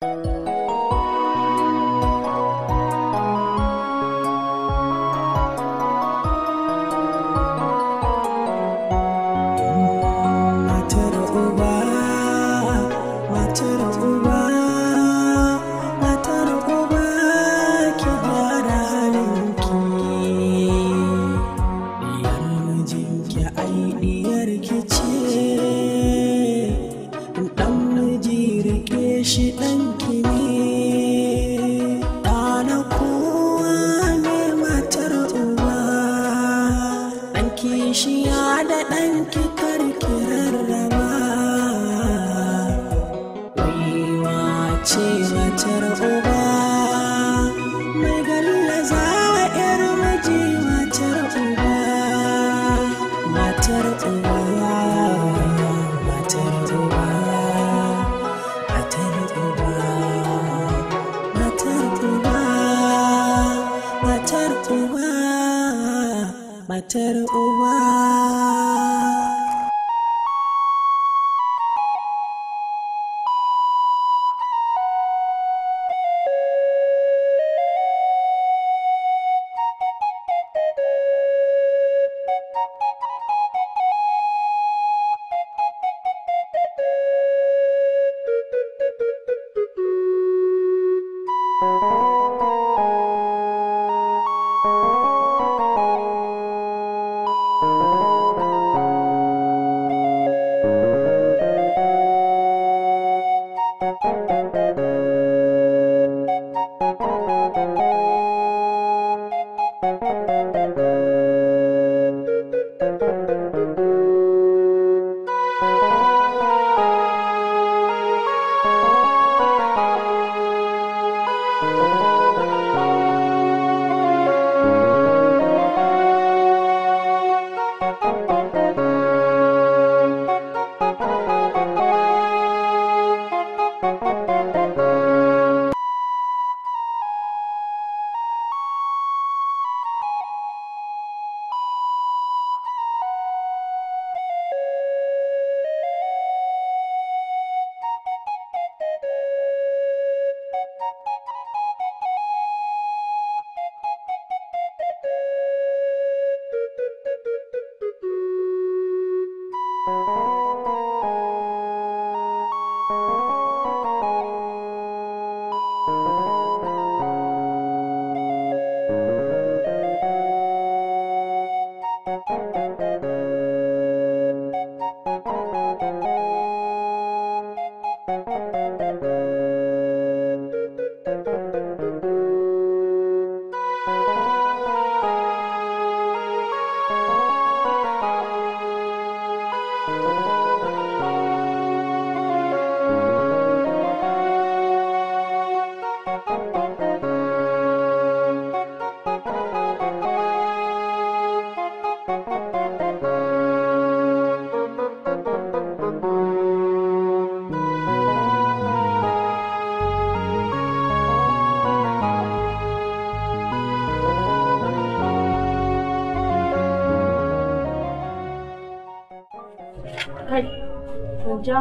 Thank you Matero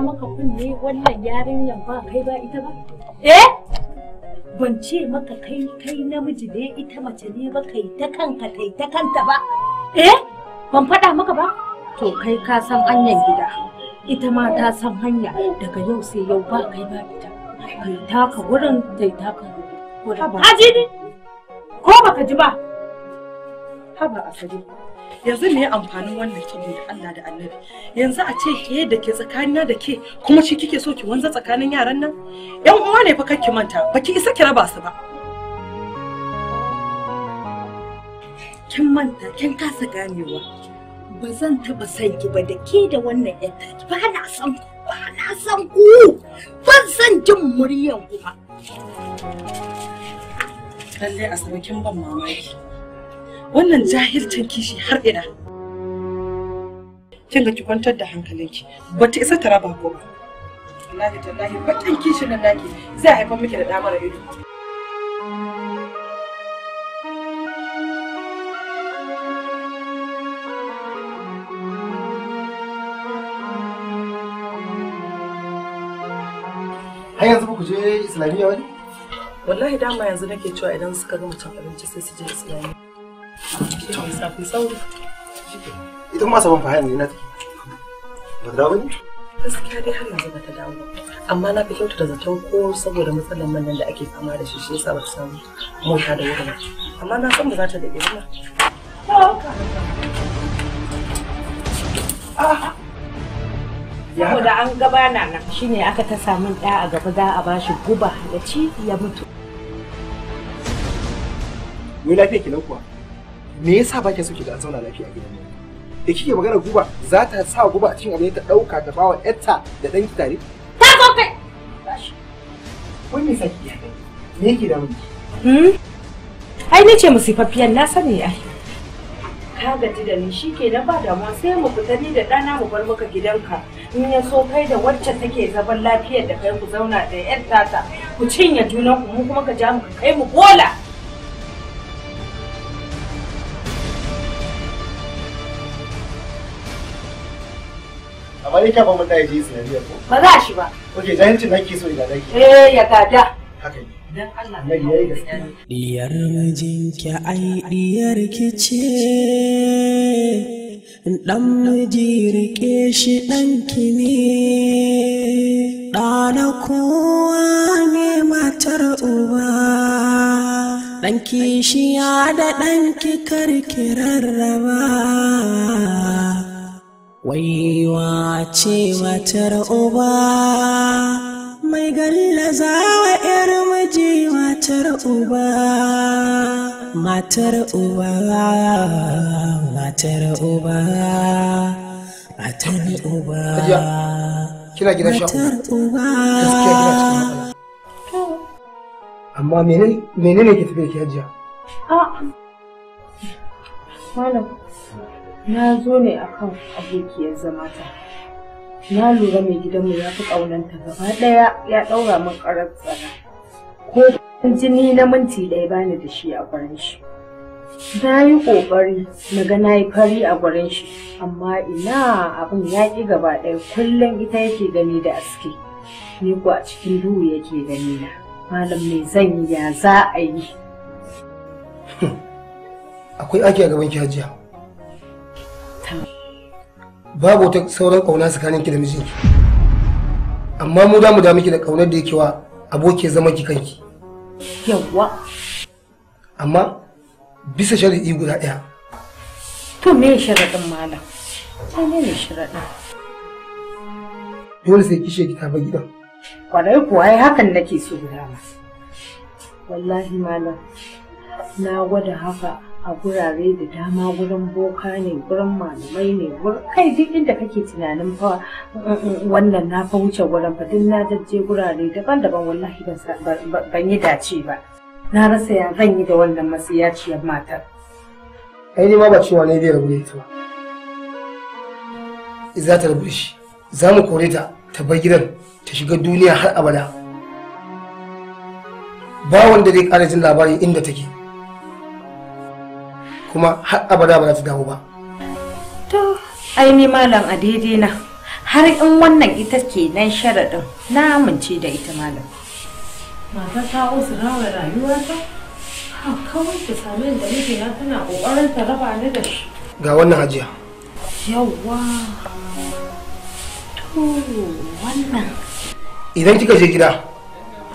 maka kunne wannan yarinyar ba kai ba ita ba? Eh? Ban ce maka kai kai namiji ne ita mace ne ba kai ta kanka kai ta kanta ba. Eh? Ban faɗa maka ba? To kai ka san hanyar gida. Ita ma ta san hanya daga yau sai yau ba kai ba ita. Kai taka wurin kai taka wurin. Haji ne? Ko baka ji ba? Haba asali. yanzu me amfanin wannan kiɗi da Allah da Annabi yanzu a ce ke da ke tsakanin da ke kuma shi kike so ki wanza tsakanin yaran nan yan uwa ne fa ki manta baki isa ki raba su ba kin manta kin kasa ganewa ba zan taba san ki ba da ke da wannan yatta ba na san ku ba na san ku ban san jin muryan ku ba lallai asabe kin ban mamaki wannan jahilcin kishi har ina kin ga ki kwantar da hankalinki ba ta isa ta raba ko ba wallahi tallahi bakin kishin nan naki zai haifar miki da da mara ido Har yanzu ku je Islamiyya wani? Wallahi dama yanzu nake cewa idan suka ga mutum abinci sai su je Islamiyya. Ita ma saban fa yanzu ina take. Ba dawo ne? Gaskiya dai har yanzu ba ta dawo Amma na fahimta da zaton ko saboda matsalar man nan da ake fama da shi shi yasa ba ta samu mota da wuri ba. Amma na san ba za ta daɗe ba. Saboda an gabana nan shine aka ta samun ɗaya a gaba za a bashi guba ya ci ya mutu. Ni lafiya kenan kuwa. me yasa ba ke so ki ga an zauna lafiya a gidan nan da kike magana guba za ta sa guba a cikin abin ta dauka ta bawa yarta da danki tare ta zo kai wai me ya kai me yake da hmm ai ni ce musifaffiyan na sani ai ka gaji da ni shi ke na ba mu sai mu fita ni da ɗana mu bar maka gidanka in ya so kai da wacce take zaman lafiyar da kai ku zauna da 'yar ku cinye junan ku mu kuma ka ja mu kai mu bola amma dai kyafa mun da yaji islamiyya ko ba za shi ba oke jahilcin nake so idan nake eh ya gada haka ne Diyar mijinki ai diyar kice ɗan miji rike shi ɗanki ne ɗana kowa ne matar uba ɗanki shi ya da ɗanki karki rarraba waiwa ce matar uba mai gallaza wa 'yar miji matar uba matar uba matar uba matar uba matar uba amma menene ke tafiya ke hajiya a'a malam Na zo ne akan abokiyar zamata. Na lura mai gidanmu ya fi ƙaunanta gaba ɗaya ya ɗaura min ƙarar tsara. Ko jini na minti ɗaya bani da shi a gurin shi. Na yi ƙoƙari na ga na yi fari a gurin shi, amma ina abin ya ƙi gaba ɗaya kullum ita yake gani da aske. Ni ko a cikin duhu yake gani na. Malam mai zan yi ya za a yi. Akwai ake a gaban ki hajiya. babu wata sauran kauna tsakanin ki da mijinki amma mu za mu da miki da ƙaunar da yake wa aboki zama ki kanki Yawa. amma bisa shari'i guda ɗaya to me sharaɗin malam ne ne sharaɗin dole sai kishe ki tafi gidan kwarai kuwa ai hakan nake so guda ma wallahi malam na gwada haka a gurare da dama gurin boka ne gurin malamai ne kai duk inda kake tunanin fa wannan na fa wuce gurin fa duk na jajje gurare daban-daban wallahi ban yi dace ba na rasa ya zan yi da wannan masiyaciyar matar ai ma ba cewa ne zai rubuce ta ba za ta rabu shi za mu kore ta ta bar gidan ta shiga duniya har abada ba wanda zai ƙara jin labarin inda take kuma har abada ba za ta dawo ba to ai ni malam a daidai na har in wannan ita ke nan sharaɗin na amince da ita malam mata ta uzura rayuwa ta. kawai ta sami da nake na tana ƙoƙarin ta raba ni da shi ga wannan hajiya yawwa to wannan idan kika je gida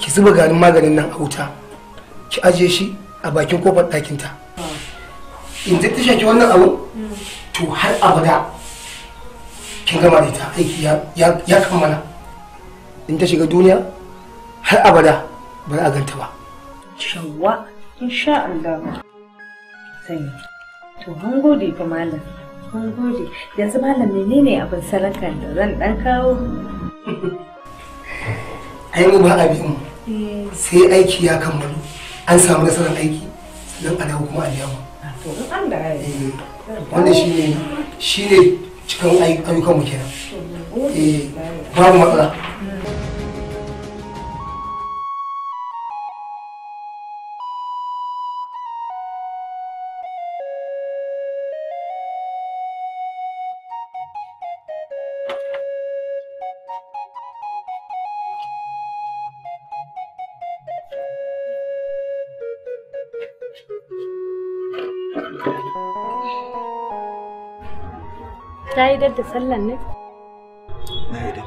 ki zuba garin maganin nan a wuta ki ajiye shi a bakin kofar ɗakinta in ta ta shaki wannan abu mm. to har abada kin gama da ita aiki ya kammala in ta shiga duniya har abada ba za a ganta ba shawwa sha Allah sai to mun gode fa malam mun gode yanzu malam menene abin sarakan da zan dan kawo ai mu ba abin eh. sai aiki ya kammalu an samu nasarar aiki sannan a dawo kuma a biya Eh, wanda shi ne shi ne cikin ayyukan mu kenan eh, babu matsala hmm. gadar da sallan ne? Na idar.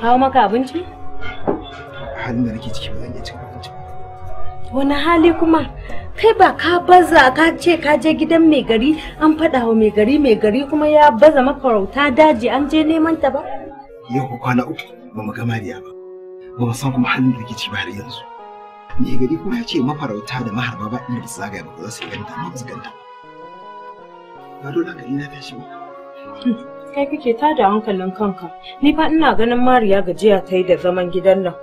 Kawo maka abinci? Halin da nake ciki ba zan iya cin abinci. Wani hali kuma? Kai ba ka baza ka ce ka je gidan mai gari an faɗa wa mai gari mai gari kuma ya baza maka rauta daji an je neman ta ba? Yau ku kwana uku ba mu gama ba. Ba mu san kuma halin da nake ciki ba har yanzu. Mai gari kuma ya ce mafarauta da maharba ba inda su zagaya ba za su ganta ba su ganta. Ba dole hankali na tashi ba. Hmm, kai kake da hankalin kanka. Ni fa ina ganin Mariya gajiya ta yi da zaman gidan nan.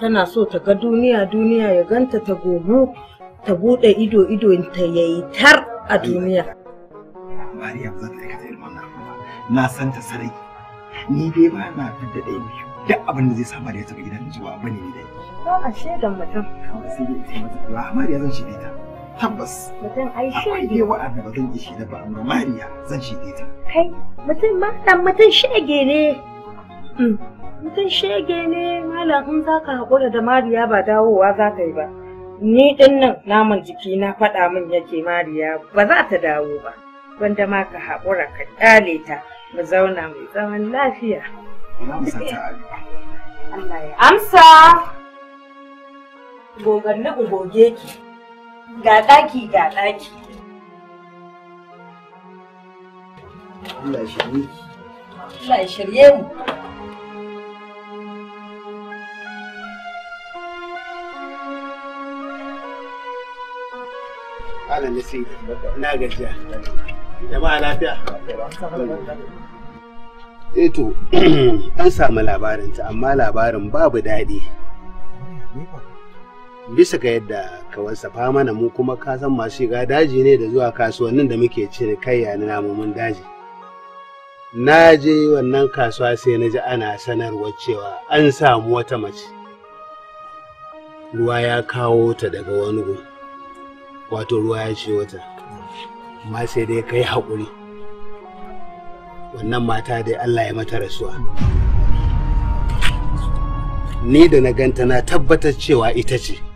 Tana so ta ga duniya duniya ya ganta ta gobe ta bude ido ido ta yayi tar a duniya. Mariya ba ta aikata irin wannan ba. Na san ta sarai. Ni dai ba na fidda dai biyu. Duk abin da zai sa Mariya ta ga gidan zuwa bane ni dai. to a shaidan mutum. Kawai sai dai ita mata. Ba Mariya zan shige ta. tabbas mutum ai shege wa'anda ba zan ishe ba amma mariya zan shige ta kai mutum ma dan mutum shege ne mm. mutum shege ne malam in za ka haƙura da mariya ba dawowa za ka yi ba ni din nan naman jiki na faɗa min yake mariya ba za ta dawo ba wanda ma ka haƙura ka ƙyale ta mu zauna mu zaman lafiya Allah ya amsa goganni goge ki Ga ɗaki ga ɗaki. Allah ya shirye Allah ya shirye mu. Ala nisi, ina gajiya. Jama'a lafiya. Eh to an samu labarin ta amma labarin babu daɗi. Bisa ga yadda ka wasafa mana mu kuma ka san masu shiga daji ne da zuwa kasuwannin da muke cire kai ya na mun daji na je wannan kasuwa sai na ji ana sanarwa cewa an samu wata mace ruwa ya kawo ta daga wani gun wato ruwa ya ce wata amma sai dai ka yi haƙuri wannan mata dai allah ya mata rasuwa ni da na ganta na tabbatar cewa ita ce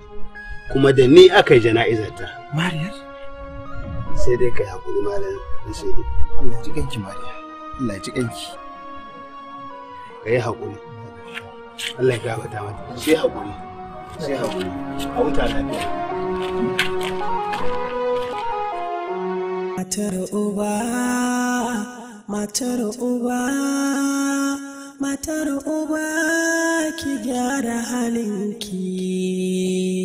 kuma da ni aka yi jana'izar ta. Mariyar? Sai dai ka hakuri malam dai. Allah ya ji kanki Mariya. Allah ya ji kanki. Ka yi hakuri. Allah ya gabata mata. Sai hakuri. Sai hakuri. A huta lafiya. Matar uba, matar uba, matar uba ki gyara halinki.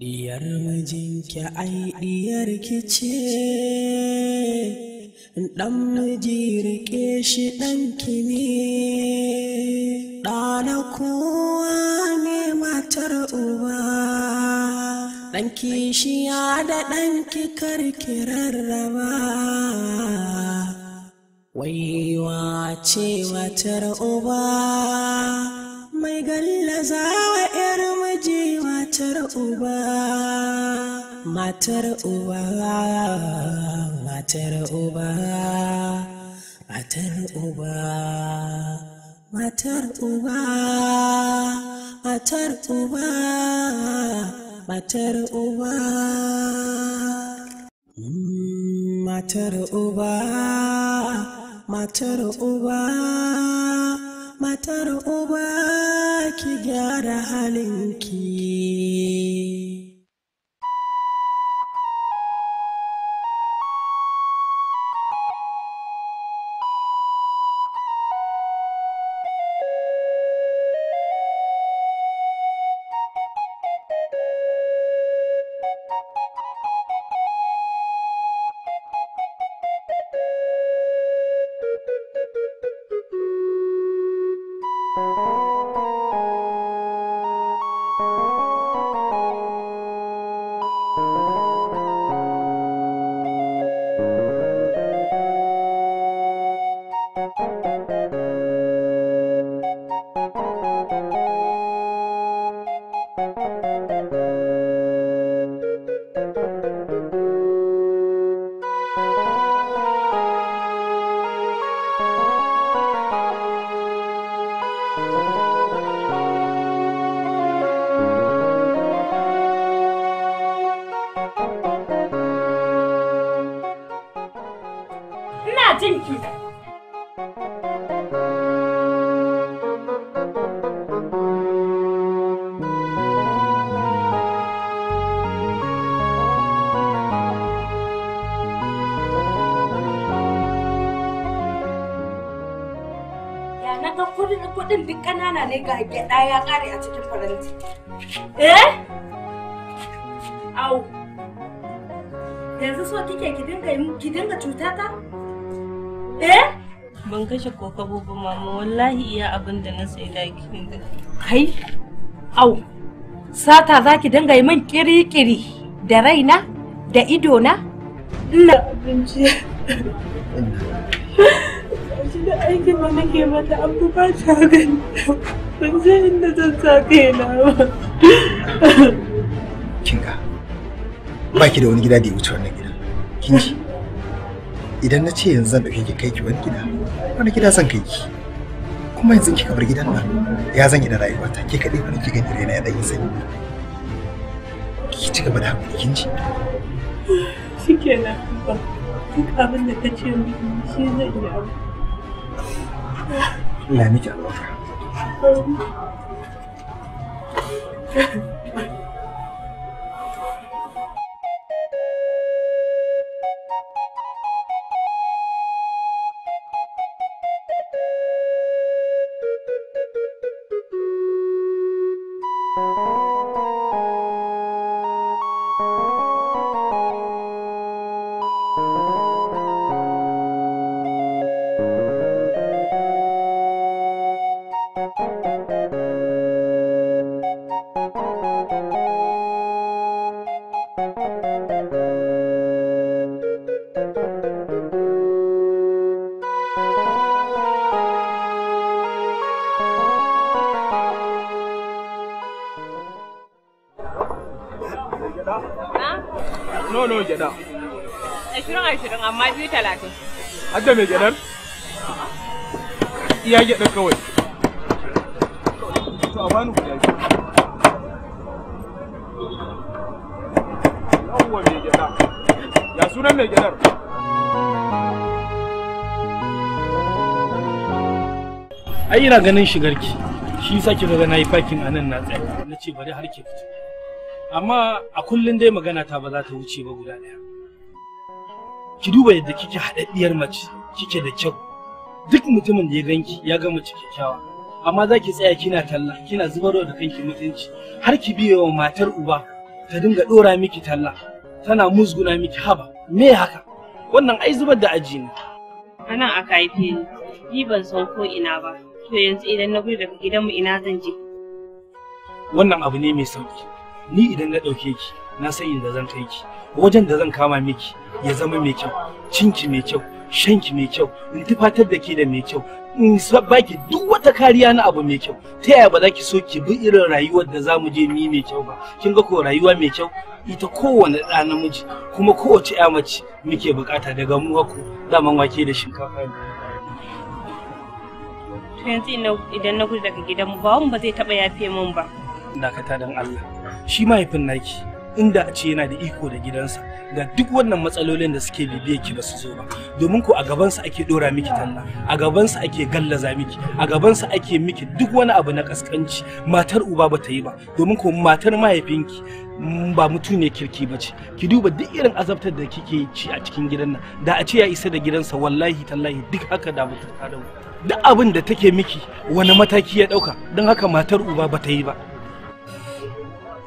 Diyar mijinki ai ki ce, ɗan miji rike shi ɗanki ne, ɗana kowa ne matar uba. Ɗanki shi ya da ɗanki ki rarraba, waiwa ce matar uba, mai gallaza wa ‘yar miji matar uba matar uba matar uba matar uba matar uba matar uba matar uba matar uba matar uba matar uba ki gyara halinki jin kuɗin duk ƙanana ne ga gyaɗa ya ƙare a cikin faranti. Eh? Au, yanzu so kike ki dinga cuta ta? Eh? Ban kashe kokabo ba mama wallahi iya abin da na sai da Kai? Au. Sata za ki dinga yi min kirikiri da raina da ido na. Ina abinci. Shi da aikin ba nake mata abu ba ta gani. Ban je inda zan sa kaina ba. Kinga. Ba ki da wani gida da ya wuce wannan gidan. Kin ji? idan na ce yanzu zan ɗauke ki kai ki wani gida wani gida zan kai ki kuma yanzu kika bar gidan nan ya zan yi da rayuwata ke kaɗai wani ki gani raina ya ɗan yi ki ci gaba da haƙuri kin ji shi kenan ba duk abin da ka ce shi zai yi abu Allah ya miki albarka Kyauta? No, no, gyada. Ashirin ashirin amma biyu talatin. mai gyadar? Iya gyada kawai. To, a bani guda biyu. Yawwa mai gyada. Ya sunan mai gyadar? Ai ina ganin shigarki. Shi sa kika ga na yi fakin a nan na tsaye. Na ce bari har ke fito. amma a kullum dai magana ta ba za ta wuce ba guda ɗaya ki duba yadda kike haɗaɗɗiyar mace kike da kyau duk mutumin da ya ganki ya ga mace kyakkyawa amma za ki tsaya kina talla kina zubar da kanki mutunci har ki biye wa matar uba ta dinga ɗora miki talla tana musguna miki haba me haka wannan ai zubar da aji ne anan aka haife ni ni ban san ko ina ba to yanzu idan na gudu daga gidanmu ina zan je wannan abu ne mai sauki ni idan na ɗauke ki na san inda zan kai ki wajen da zan kama miki ya zama mai kyau cinki mai kyau shanki mai kyau in tufatar da ke da mai kyau in baki duk wata kariya na abu mai kyau ta yaya ba za ki so ki bi irin rayuwar da za mu je ni mai kyau ba kin ga ko rayuwa mai kyau ita kowane ɗa namiji kuma kowace ya mace muke bukata daga mu haku zaman wake da shinkafa ne yanzu idan na gudu daga gidanmu ba ba zai taɓa yafe min ba dakata don Allah shi mahaifin naki inda a ce yana da iko da gidansa ga duk wannan matsalolin da suke bibiye ki ba su zo ba domin ko a gabansa ake dora miki talla a gabansa ake gallaza miki a gabansa ake miki duk wani abu na kaskanci matar uba ba ta yi ba domin ko matar mahaifinki mm, ba mutum ne kirki ba ce ki duba duk irin azabtar da kike ci a cikin gidan nan da a ce ya isa da gidansa wallahi tallahi duk haka da mutum duk abin da take miki wani mataki ya dauka don haka matar uba ba ta yi ba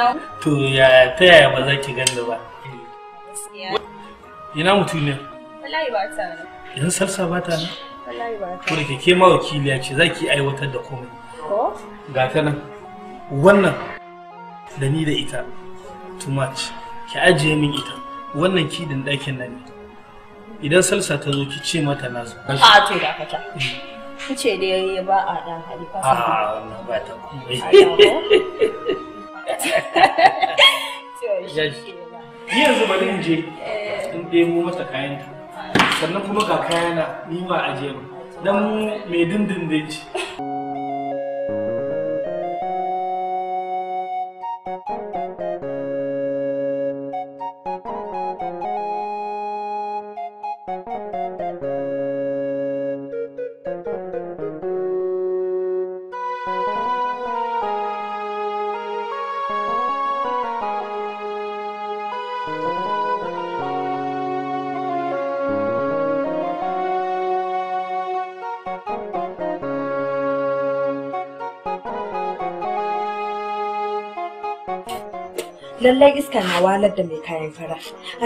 dawo? To ya ta yaya ba za ki gani ba? Ina mutum ne? Wallahi ba ta nan. Yanzu sarsa ba ta nan? Wallahi ba ta nan. ke ma wakiliya ce za ki aiwatar da komai. Ko? Ga ta nan. Wannan da ni da ita. Too much. Ki ajiye min ita. Wannan kidin ɗakin nan ne. Idan salsa ta zo ki ce mata na zo. A to da Ku ce da ya ba a ɗan hali. A ba ta komai. yanzu ba in je eh. in ɗebo mata kayan sannan kuma ga kayana ni ma ajiye ba dan mai dindin da ce lallai iska na walar da mai kayan fara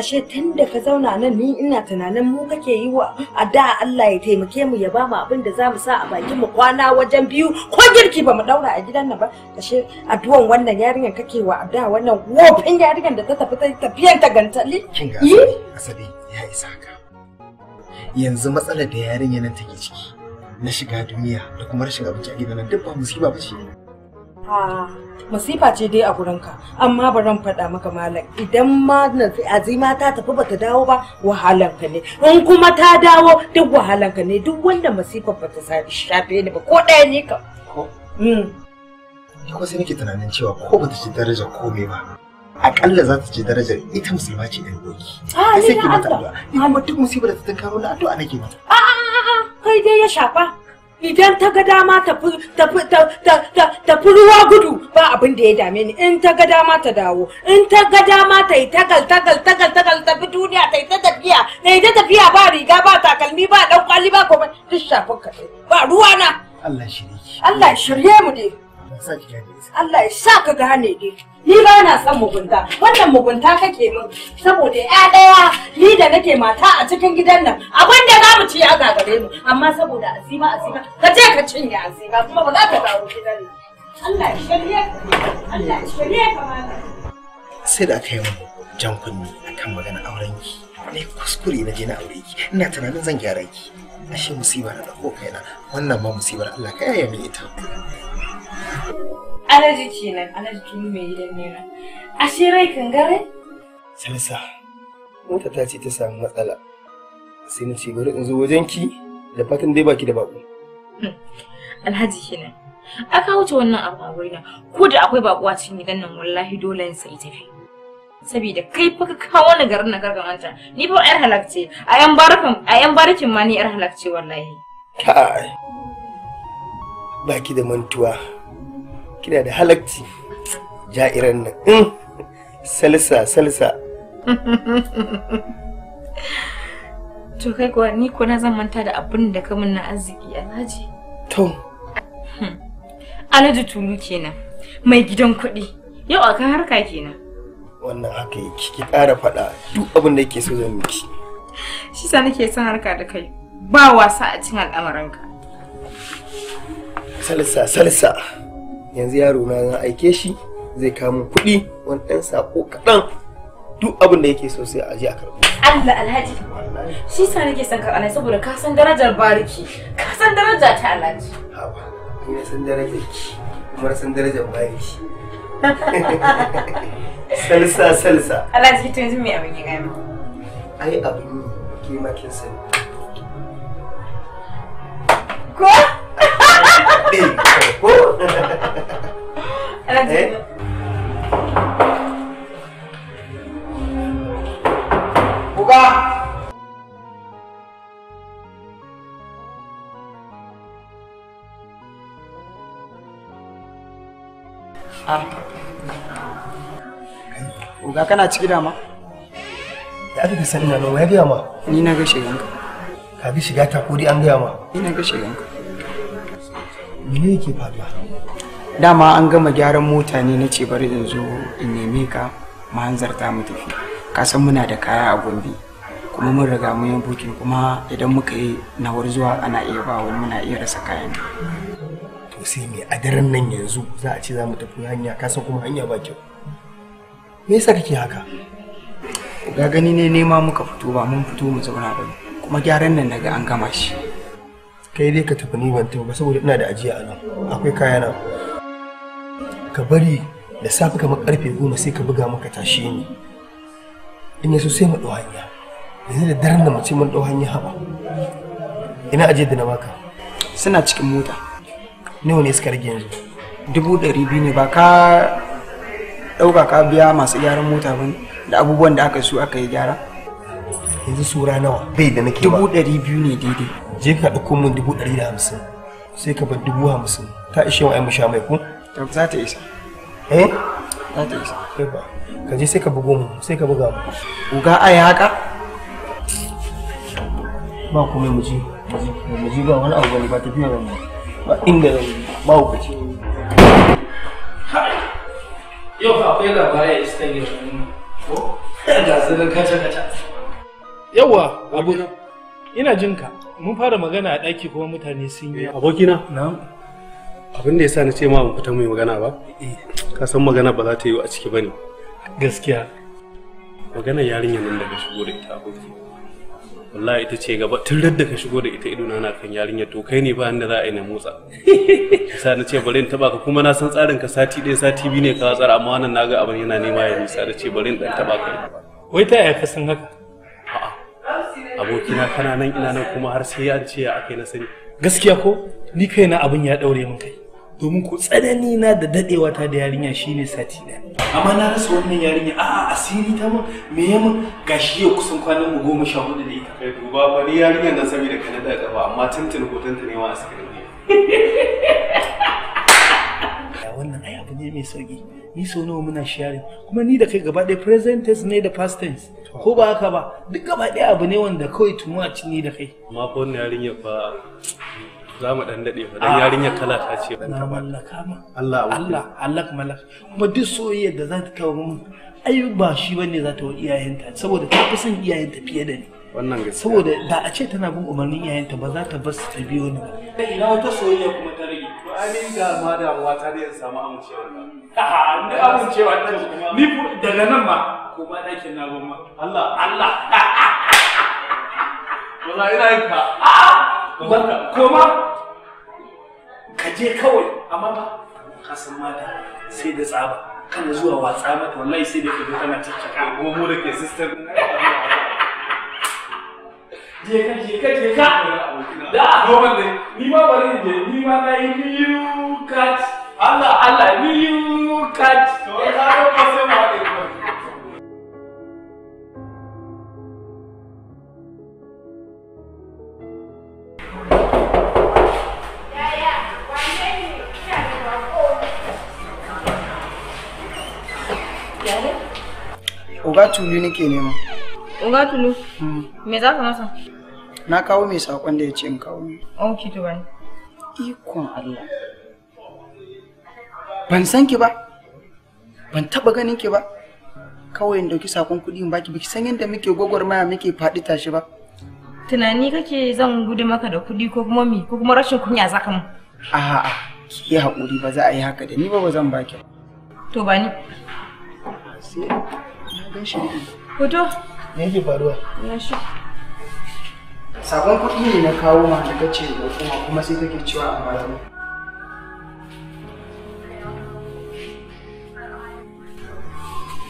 ashe tun da ka zauna nan ni ina tunanin mu kake yi wa a da Allah ya taimake mu ya ba mu abin da za mu sa a bakin mu kwana wajen biyu ko girki ba mu daura a gidan nan ba ashe addu'an wannan yarinyar kake wa a da wannan wofin yarinyar da ta tafi ta tafiyar ta gantali yi eh? asabi ya isa ka yanzu matsalar da yarinyar nan take ciki na shiga duniya da kuma rashin abinci a gidan nan duk ba musiba ba ce Ah. masifa ce dai a gurinka amma ba ran faɗa maka malam idan ma azima ta tafi bata dawo ba wahalanka ne in kuma ta dawo duk wahalanka ne duk wanda masifa bata shafe ni ba ko ɗaya ne ka mm. ni ko sai nake tunanin cewa ko bata ci darajar kome ba akalla za ta ci darajar ita musulma ce ɗan goki. Ah, sai ki mata addu'a ni ma duk musibar da ta tunkaro na addu'a nake mata a'a ah, kai dai ya shafa idan ta ga dama ta fi ruwa gudu ba abin da ya dame ni in ta ga dama ta dawo in ta ga dama ta yi tagal tagal tagal tagal fi duniya ta yi ta tafiya ta yi ta tafiya ba riga ba takalmi ba dan kwali ba komai duk shafin ka ba ruwa na Allah shirye Allah shirye mu dai Allah ya sa ka gane dai Ni ba na son mugunta, wannan mugunta kake min saboda ya daya ni da nake mata a cikin gidan nan abin da za mu ci a gagare mu amma saboda azima azima ka je ka cinye azima kuma ba za ka dawo gidan nan. Allah ya shirye Allah ya shirye ka Sai da aka yi mun jan kunni akan magana auren ki. Ne kuskure na je na aure ki ina tunanin zan gyara ki. Ashe musibar na ɗauko kaina wannan ma musibar Allah ka yaya min ita. alaji kenan alaji tunu mai gidan nera A shi rai kan kangare salsa mota ta ce ta samu matsala sai na ce bari in zo wajenki da fatan dai baki da baƙo. Hmm. alhaji kenan aka ta wannan abu a wurina ko da akwai bako a cikin gidan nan wallahi dole in sai tafi saboda kai fa ka kawo ni garin na gargamanta ni fa yar halakce a yan barakin a yan barakin ma ni yar halakce wallahi kai baki da mantuwa kina da halakci ja'iran nan in hmm. salsa salsa to kai kuwa ni ko na zan manta da abin da ka na arziki alhaji to hmm. alhaji tulu kenan mai gidan kuɗi yau a kan harka kenan wannan haka yi kiki ƙara faɗa duk abin da yake so zan miki shi sa nake son harka da kai ba wasa a cikin al'amuranka salsa salsa yanzu yaro na zan aike shi zai kamo kuɗi wani ɗan sako kaɗan duk abin da yake so sai a je a karɓo. Allah Alhaji. Shi sa nake son ka Alhaji saboda ka san darajar bariki, ka san daraja ta Alhaji. Haba, ina san darajar ki, kuma na san darajar bariki. Salsa salsa. Alhaji ki yanzu me abin ya gama? Ai abin ne ke ma kin sani. Ko? Eh. ko eh buka Uga kana ciki dama? Da aka ga sani na nawa gaya ma? Ni na ga shiganka. Ka ga shiga ta ko an gaya ma? Ni na ga shiganka. mene yake faruwa dama an gama gyaran mota ne na ce bari in zo in neme ka mu hanzarta mu tafi ka san muna da kaya a gombe kuma mun riga mun yi bukin kuma idan muka yi nawar zuwa ana iya ba wani muna iya rasa kayan to sai me a daren nan yanzu za a ce za mu tafi hanya ka san kuma hanya ba kyau me yasa kake haka ga gani ne nema muka fito ba mun fito mu zauna ba kuma gyaran nan naga an gama shi kai dai ka tafi neman taimako saboda ina da ajiya a nan. akwai kaya na ka bari da safe kamar karfe goma sai ka buga maka tashi ni in yaso sai mu ɗau hanya yanzu da daren da mace mun ɗau hanya haɓa ina ajiyar da na baka suna cikin mota nawa ne suka rage yanzu dubu ɗari biyu ne ba ka ɗauka ka biya masu gyaran mota ba da abubuwan da aka su aka yi gyara yanzu sura nawa bai da nake ba dubu ɗari biyu ne daidai je ka ɗauko min dubu ɗari da hamsin sai ka bar dubu hamsin ta ishe wa mu sha mai ku za ta isa eh za ta isa yaba ka je sai ka bugo mu sai ka buga mu uga ai haka ba ku mu muji muji ba wani abu bane ba tafiya ba ba inda ba ku ce yau fa akwai labarai a instagram ko ga zan kaca kaca yawa abu ina jinka mun fara magana a ɗaki kuma mutane sun yi eh, abokina na'am abin da yasa na ce ma ban fita mai magana ba eh. ka san magana ba za ta yi a ciki bane gaskiya magana yarinya nan da ka shigo da ita aboki wallahi ita ce gaba tun da ka shigo da ita ido na kan yarinya to kai ne ba inda za a yi na motsa yasa na ce bari in taba ka kuma na san tsarin ka sati ɗaya sati biyu ne ka tsara amma wannan naga abin yana nema ya nisa da ce bari in dan taba ka wai ta yaya ka san haka a'a abokina kana nan ina nan kuma har sai an ce a aka yi na sani gaskiya ko ni kaina abin ya daure min kai domin ko tsanani na da dadewa ta da yarinya shine sati ɗaya amma na rasa wannan yarinya a asiri ta mun me ya mun gashi yau kusan kwanan mu goma sha hudu da ita kai duba ba ni yarinya na saboda kana da gaba amma tuntun ko ne wa asiri ne wannan ai abu ne mai sauki ni so nawa muna share kuma ni da kai gaba ɗaya present tense ne da past tense ko ba haka ba duk gaba ɗaya abu ne wanda kawai too much ni da kai amma ko wannan yarinya fa za mu dan dade fa dan yarinya kala ta ce na mallaka ma Allah Allah Allah malak kuma duk soyayya da za ta kawo mun ai ba shi bane za ta wa iyayenta saboda ta fi son iyayenta fiye da ni wannan gaskiya saboda da a ce tana bin umarnin iyayenta ba za ta bar su ta biyo ni ba ina wata soyayya kuma ta Amin ga ma damuwa ta da yin samu amincewa ba. ni amincewa ta ni daga nan ma ko ma dakin na ban ma Allah Allah Wala ina yin ka barka koma ka je kawai amma ba ka san mata sai da tsaba kana zuwa watsa mata wallahi sai da ka zo kana caccaka ko mu da ke sister je ka ka da roman ni ma bari je ni ma na yi new cut Allah Allah new cut to ka ga ba ma ne Oga tulu nake nema. Oga tulu? Hmm. Me za ka masa? na kawo mai sakon da ya ce in kawo mai. Oki to wani ikon Allah ban san ki ba ban taba ganin ki ba kawai in dauki sakon kuɗi in baki baki san yadda muke gwagwarmaya muke faɗi tashi ba tunani kake zan gudu maka da kuɗi ko kuma mi ko kuma rashin kunya zaka mu a'a ki haƙuri ba za a yi haka da ni ba ba zan baki to ba ni sai na gan shi hoto me yake faruwa na shi sabon kuɗi ne na kawo ma da ko kuma kuma sai take cewa a bayan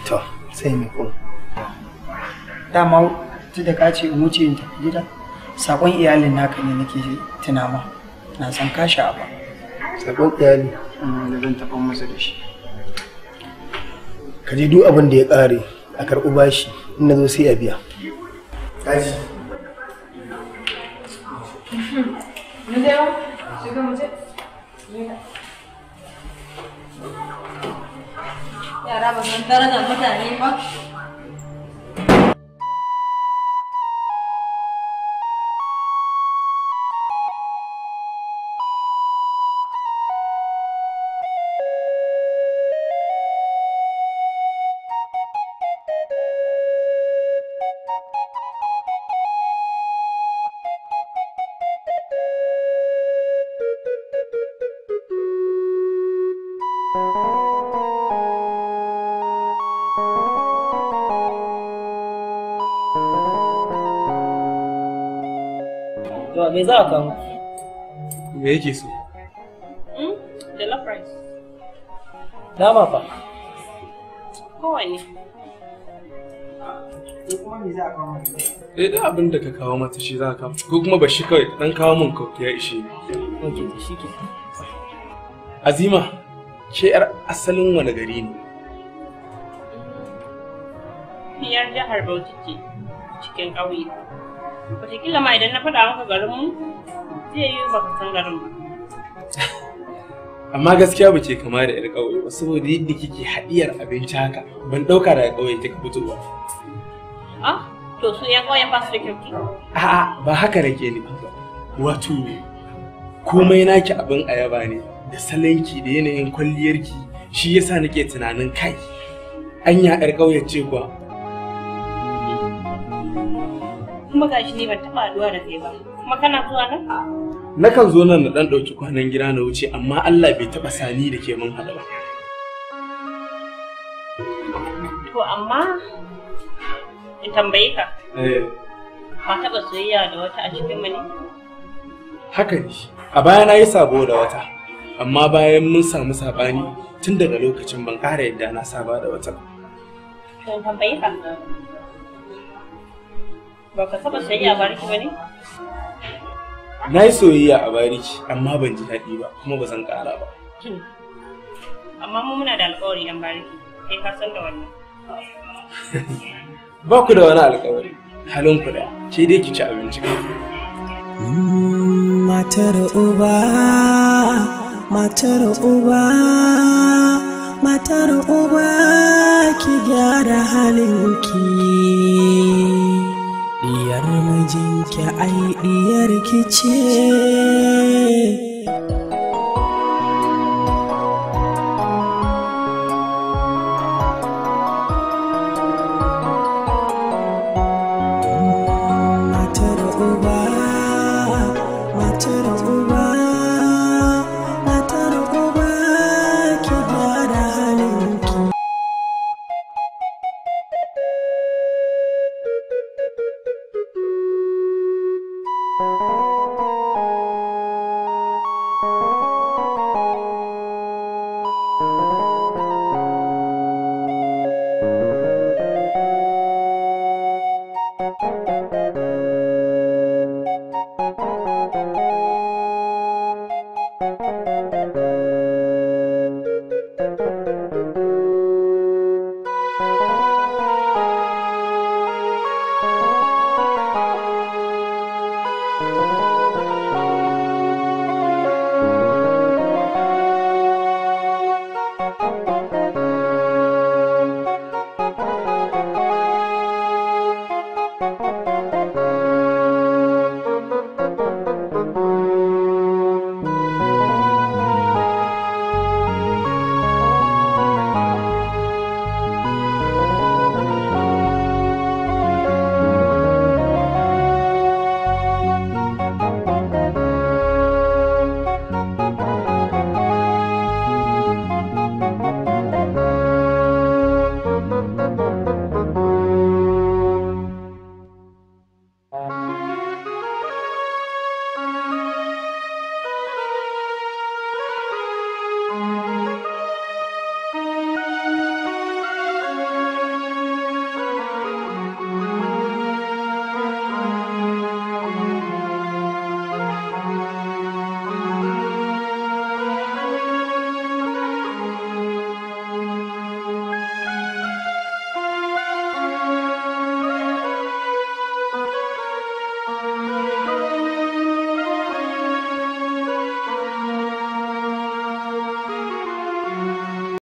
to sai me ko dama ta da ka ce in wuce in gida sabon iyalin naka ne nake tunama na san ka sha ba sabon iyali mm, da zan tafi masa da shi ka ji duk abin da ya ƙare a karɓi bashi in na zo sai a biya Thank 문제요? 지금 문제? 여러분, 따라 잘못 아닌 것. za a kawo me yake so Hmm? jollof rice dama fa kowanne Eh da abin da ka kawo mata shi za ka ko kuma ba shi kawai dan kawo mun kofi ya ishe Azima, ke yar asalin wani gari ne? Ni yar jihar Bauchi ce cikin ƙauye. Wataƙila ma idan na faɗa maka garinmu zai yi baka san garin ba. Amma gaskiya ba ce kama da 'yar ƙauye ba saboda yadda kike haɗiyar abinci haka ban ɗauka daga ƙauye ta fito ba. Ah, to su 'yan ƙauyen ba su da kyauki? A'a ba haka nake nufi ba. Wato komai naki abin ayaba ne da salanki da yanayin kwalliyarki shi yasa nake tunanin kai. Anya 'yar ƙauye ce kuwa kuma shi ne ban taɓa haɗuwa da kai ba kuma kana zuwa nan nakan zo nan na ɗan ɗauki kwanan gida na wuce amma Allah bai taɓa sani da ke mun haɗa ba to amma in tambaye ka ba eh. taɓa soyayya da wata a cikin mu ne haka ne a baya na yi sabo da wata amma bayan mun samu sabani tun daga lokacin ban ƙara yadda na saba da wata. Ban tambaye ka. Ba ka saba soyayya a bariki ba ne? Na yi soyayya a bariki amma ban ji daɗi ba kuma ba zan ƙara ba. Hmm. Amma mu muna da alƙawari ɗan bariki, kai ka san da wannan. Ba ku da wani alƙawari, halin ku da, ke dai ki ci abinci. Matar uba, matar uba, matar uba ki gyara ki. diyar mijinki ai diyar ki ce